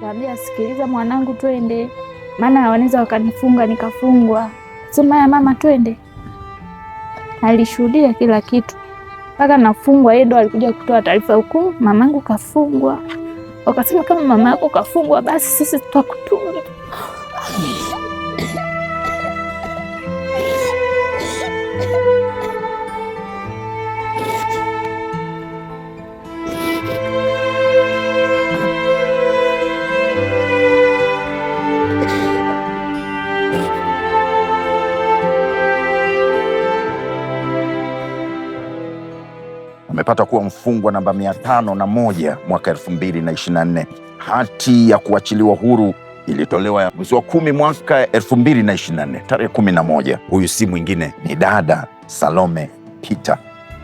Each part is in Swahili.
nikaambia sikiliza, mwanangu, twende, maana wanaweza wakanifunga nikafungwa. Sema ya mama, twende. Alishuhudia kila kitu mpaka nafungwa, yeye ndo alikuja kutoa taarifa huko, mamangu kafungwa. Wakasema kama mama yako kafungwa, basi sisi tutakutu amepata kuwa mfungwa namba mia tano na moja mwaka elfu mbili na na nne. Hati ya kuachiliwa huru ilitolewa mwezi wa kumi mwaka elfu mbili na na nne tarehe kumi na moja. Huyu si mwingine ni dada Salome Peter,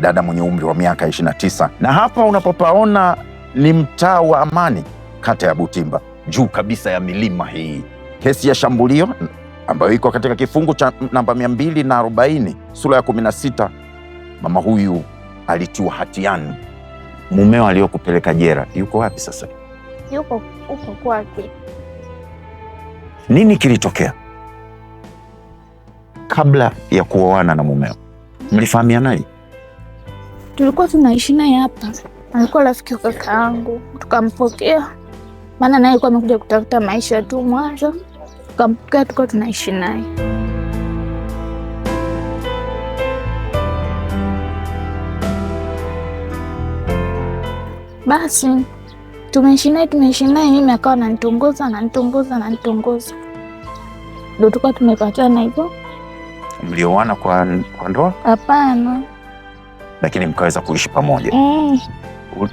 dada mwenye umri wa miaka 29. Na hapa unapopaona ni mtaa wa Amani, kata ya Butimba, juu kabisa ya milima hii. Kesi ya shambulio ambayo iko katika kifungu cha namba 240 sura ya 16, mama huyu alitiwa hatiani. Mumeo aliyokupeleka jera yuko wapi sasa? Yuko uko kwake. Nini kilitokea kabla ya kuoana na mumeo? mlifahamia naye? Tulikuwa tunaishi naye hapa, alikuwa rafiki wa kaka yangu, tukampokea maana naye alikuwa amekuja kutafuta maisha tu Mwanza, tukampokea, tukawa tunaishi naye. Basi tumeshina naye mimi akawa ananitongoza ananitongoza ananitongoza, ndio tukawa tumepatana hivyo. Mlioana kwa, kwa ndoa? Hapana, lakini mkaweza kuishi pamoja mm.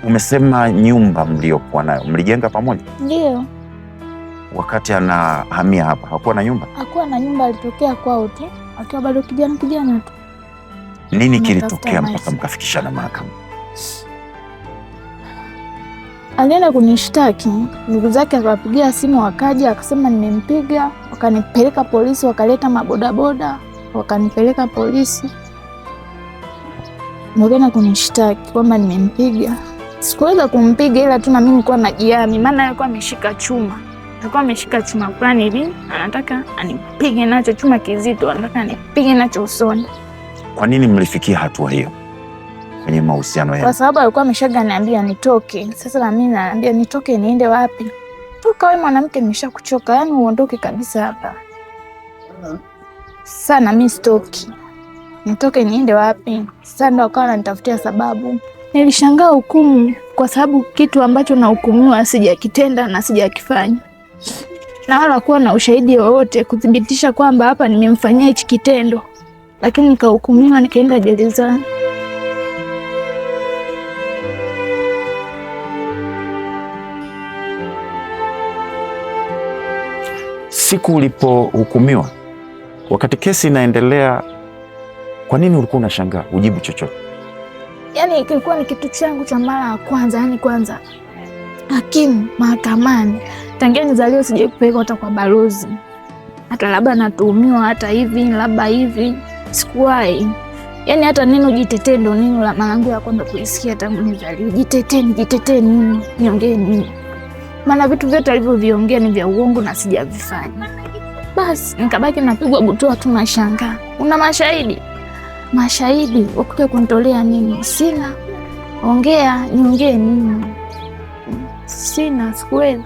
Umesema nyumba mliokuwa nayo mlijenga pamoja? Ndio. Wakati anahamia hapa hakuwa na nyumba? Hakuwa na nyumba, alitokea kwao tu akiwa bado kijana kijana tu. Nini kilitokea mpaka mkafikishana mahakamani? alienda kunishtaki. Ndugu zake akawapigia simu, wakaja, akasema nimempiga, wakanipeleka polisi, wakaleta mabodaboda, wakanipeleka polisi, ndokaenda kunishtaki kwamba nimempiga. Sikuweza kumpiga, ila tu na mimi nilikuwa najiami, maana alikuwa ameshika chuma, alikuwa ameshika chuma fulani hivi, anataka anipige nacho, chuma kizito, anataka anipige nacho usoni. Kwa nini mlifikia hatua hiyo? kwenye mahusiano yao, kwa sababu alikuwa ameshaga niambia nitoke. Sasa na mimi naambia nitoke, niende wapi? Toka wewe mwanamke, nimeshakuchoka yani, uondoke kabisa hapa Sasa na Mimi sitoki, nitoke niende wapi? Sasa ndo akawa ananitafutia sababu. Nilishangaa hukumu, kwa sababu kitu ambacho nahukumiwa sijakitenda na sijakifanya na wala kuwa na ushahidi wowote kuthibitisha kwamba hapa nimemfanyia hichi kitendo, lakini nikahukumiwa, nikaenda gerezani. siku ulipohukumiwa, wakati kesi inaendelea, kwa nini ulikuwa unashangaa? Ujibu chochote? Yaani kilikuwa ni kitu changu cha mara ya kwanza, yaani kwanza hakimu mahakamani, tangia nizaliwe sijai kupeleka hata kwa balozi, hata labda natuhumiwa hata hivi labda hivi, sikuwahi yaani hata neno jitetee ndo neno la mara yangu ya kwanza kuisikia tangu nizaliwe. Jiteteni, jiteteni, niongee nini? maana vitu vyote alivyoviongea ni vya uongo na sijavifanya. Basi nikabaki napigwa butoa tu, nashangaa, una mashahidi? Mashahidi wakuja kunitolea nini? Sina. Ongea, niongee nini? Sina, sikuweza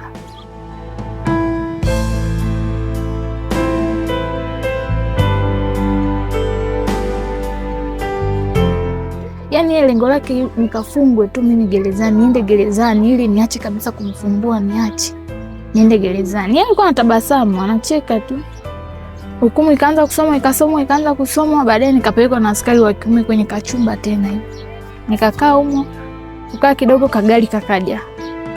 yani yeye lengo lake nikafungwe tu mimi gerezani, niende gerezani ili niache kabisa kumfumbua, niache niende gerezani. Yeye yaani alikuwa anatabasamu anacheka tu. Hukumu ikaanza kusoma ikasomwa ikaanza kusomwa, baadaye nikapelekwa na askari wa kiume kwenye kachumba tena hivi, nikakaa humo, ukaa kidogo, kagari kakaja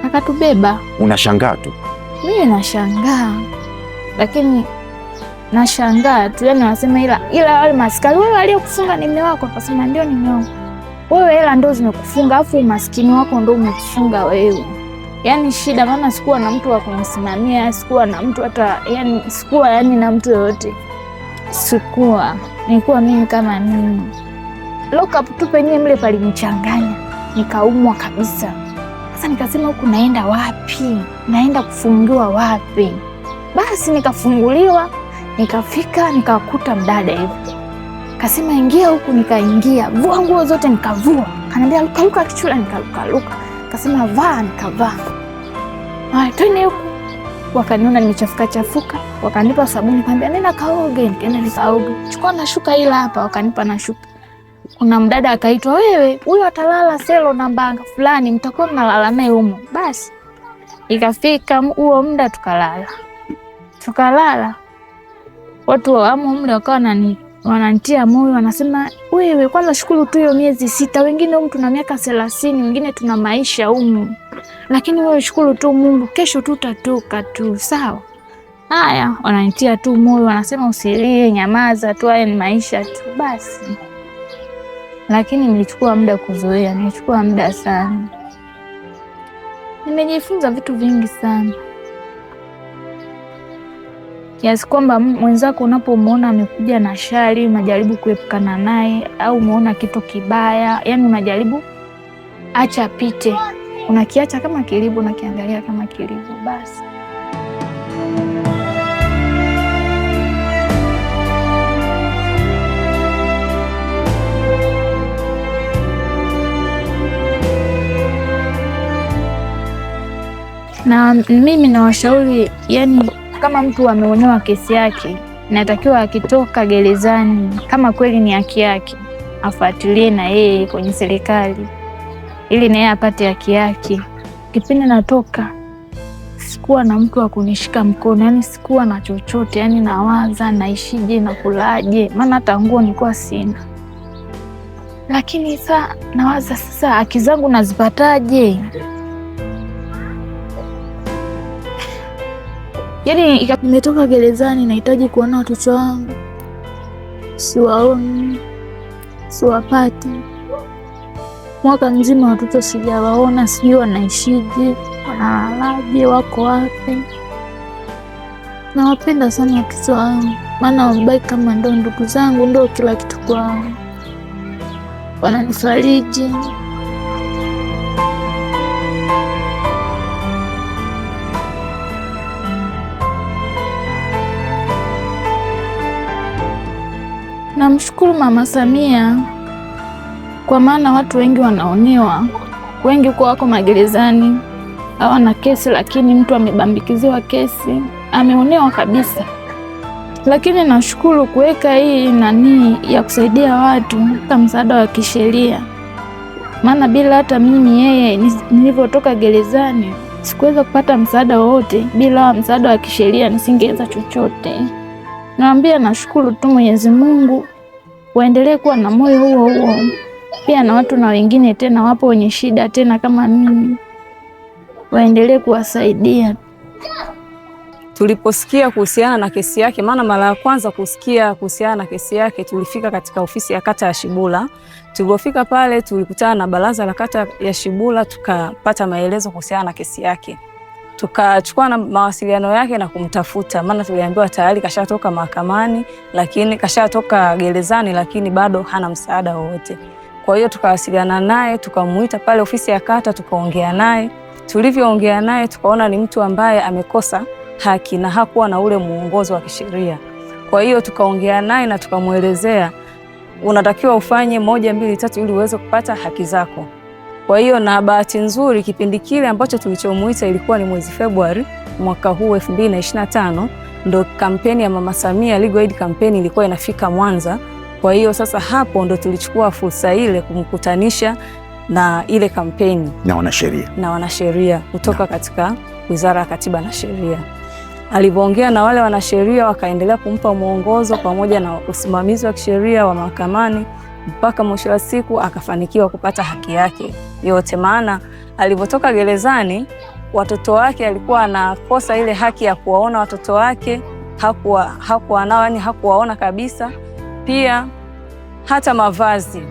kakatubeba. Unashangaa tu, mimi nashangaa, lakini nashangaa tu, yani wanasema, ila ila wale maskari, wewe aliyokufunga ni mme wako? Akasema ndio, ni mme wangu wewe hela ndo zimekufunga, afu umaskini wako ndo umekufunga wewe. Yani shida, maana sikuwa na mtu wa kunisimamia, sikuwa na mtu hata yani, sikuwa yani na mtu yoyote, sikuwa nilikuwa mimi kama mimi. Lockup tu penyewe mle palinichanganya, nikaumwa kabisa. Sasa nikasema huku naenda wapi? Naenda kufungiwa wapi? Basi nikafunguliwa, nikafika nikakuta mdada hivyo Kasema ingia huku, nikaingia. Vua nguo zote, nikavua. luka luka kichula, nikalukaluka. Kasema vaa, nikavaa. Haya, twende huku. Wakaniona nimechafuka chafuka, wakanipa sabuni, nikamwambia nenda kaoge. Nikaenda nikaoge, chukua na shuka hila hapa, wakanipa na shuka. Kuna mdada akaitwa, wewe huyo atalala selo namba fulani, mtakuwa mnalala naye humo. Basi ikafika huo muda tukalala, tukalala watu wa waamo mle wakawa nani wanantia moyo, wanasema wewe kwanza shukuru tu hiyo miezi sita. Wengine humu tuna miaka thelathini, wengine tuna maisha humu, lakini wewe shukuru tu Mungu, kesho tu utatoka tu, sawa. Haya, wananitia tu moyo, wanasema usilie, nyamaza tu, haya ni maisha tu basi. Lakini nilichukua muda kuzoea, nilichukua muda sana, nimejifunza vitu vingi sana kiasi kwamba mwenzako unapomwona amekuja na shari, unajaribu kuepukana naye, au umeona kitu kibaya, yani unajaribu acha pite unakiacha kama kilivyo, unakiangalia kama kilivyo basi. Na mimi nawashauri yani kama mtu ameonewa kesi yake, natakiwa akitoka gerezani, kama kweli ni haki yake, afuatilie na yeye kwenye serikali, ili yeye apate haki yake. Kipindi natoka sikuwa na mtu wa kunishika mkono, yani sikuwa na chochote, yani nawaza naishije, nakulaje, maana hata nguo nilikuwa sina. Lakini saa nawaza sasa, haki zangu nazipataje? Yaani nimetoka gerezani, nahitaji kuona watoto wangu, siwaoni, siwapati. Mwaka mzima watoto sijawaona, sijui wanaishije, wanalalaje, wako wapi? Nawapenda sana watoto wangu, maana wamebaki kama ndo ndugu zangu, ndo kila kitu kwao, wananifariji Namshukuru Mama Samia kwa maana watu wengi wanaonewa, wengi kuwa wako magerezani, hawana kesi, lakini mtu amebambikiziwa kesi, ameonewa kabisa. Lakini nashukuru kuweka hii nani ya kusaidia watu kwa msaada wa kisheria, maana bila hata mimi yeye nilivyotoka gerezani sikuweza kupata msaada wowote. Bila msaada wa kisheria nisingeweza chochote. Naambia nashukuru tu Mwenyezi Mungu waendelee kuwa na moyo huo huo pia na watu na wengine tena wapo wenye shida tena kama mimi, waendelee kuwasaidia. Tuliposikia kuhusiana na kesi yake, maana mara ya kwanza kusikia kuhusiana na kesi yake tulifika katika ofisi ya kata ya Shibula. Tulipofika pale tulikutana na baraza la kata ya Shibula, tukapata maelezo kuhusiana na kesi yake tukachukua na mawasiliano yake na kumtafuta, maana tuliambiwa tayari kashatoka mahakamani, lakini kashatoka gerezani, lakini bado hana msaada wowote. Kwa hiyo tukawasiliana naye, tukamuita pale ofisi ya kata, tukaongea naye. Tulivyoongea naye, tukaona ni mtu ambaye amekosa haki na hakuwa na ule muongozo wa kisheria. Kwa hiyo tukaongea naye na tukamwelezea unatakiwa ufanye moja, mbili, tatu ili uweze kupata haki zako. Kwa hiyo na bahati nzuri kipindi kile ambacho tulichomuita ilikuwa ni mwezi Februari mwaka huu 2025 ndo kampeni ya Mama Samia Legal Aid campaign ilikuwa inafika Mwanza. Kwa hiyo sasa hapo ndo tulichukua fursa ile kumkutanisha na ile kampeni na wanasheria na wanasheria kutoka na katika Wizara ya Katiba na Sheria. Alivyoongea na wale wanasheria, wakaendelea kumpa mwongozo pamoja na usimamizi wa kisheria wa mahakamani mpaka mwisho wa siku akafanikiwa kupata haki yake yote, maana alivyotoka gerezani watoto wake alikuwa anakosa ile haki ya kuwaona watoto wake, hakuwa hakuwa nao, yani hakuwaona kabisa. Pia hata mavazi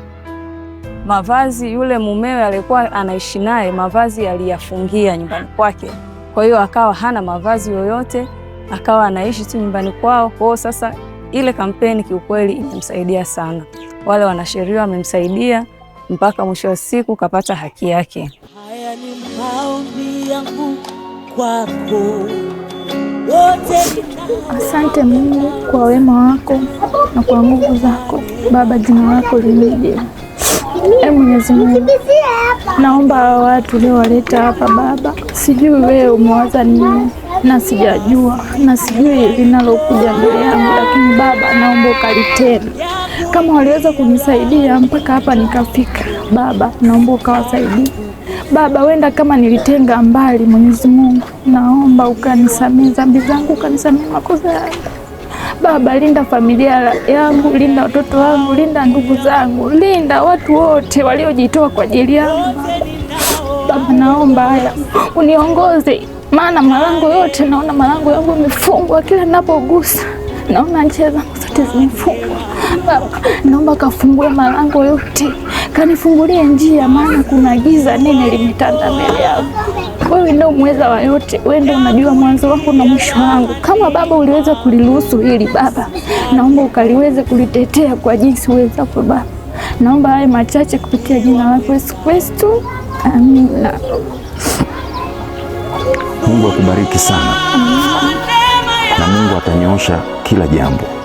mavazi, yule mumewe alikuwa anaishi naye, mavazi aliyafungia nyumbani kwake, kwa hiyo akawa hana mavazi yoyote, akawa anaishi tu nyumbani kwao. Kwao sasa ile kampeni kiukweli imemsaidia sana wale wanasheria wamemsaidia mpaka mwisho wa siku kapata haki yake. Haya ni maombi yangu kwako. Asante Mungu kwa wema wako na kwa nguvu zako Baba, jina lako limije E Mwenyezi Mungu, naomba hawa watu uliowaleta hapa Baba, sijui wewe umewaza nini na sijajua na sijui linalokuja mbele yangu, lakini Baba naomba ukalitenda kama waliweza kunisaidia mpaka hapa nikafika. Baba, naomba ukawasaidie Baba, wenda kama nilitenga mbali, Mwenyezi Mungu naomba ukanisamehe dhambi zangu, ukanisamehe makosa yangu. Baba, linda familia yangu, linda watoto wangu, linda ndugu zangu, linda watu wote waliojitoa kwa ajili yangu. Baba, naomba haya uniongoze, maana malango yote naona malango yangu yamefungwa kila ninapogusa Naona njia zangu zote zimefungwa. Baba, naomba kafungue malango yote, kanifungulie njia, maana kuna giza nene limetanda mbele yangu. Wewe ndio mweza wa yote, wewe ndio unajua mwanzo wangu na mwisho wangu. Kama Baba uliweza kuliruhusu hili Baba, naomba ukaliweze kulitetea kwa jinsi uwezavyo Baba. Naomba haya machache kupitia jina lako Yesu Kristo, amina. Mungu akubariki sana. Mungu atanyoosha kila jambo.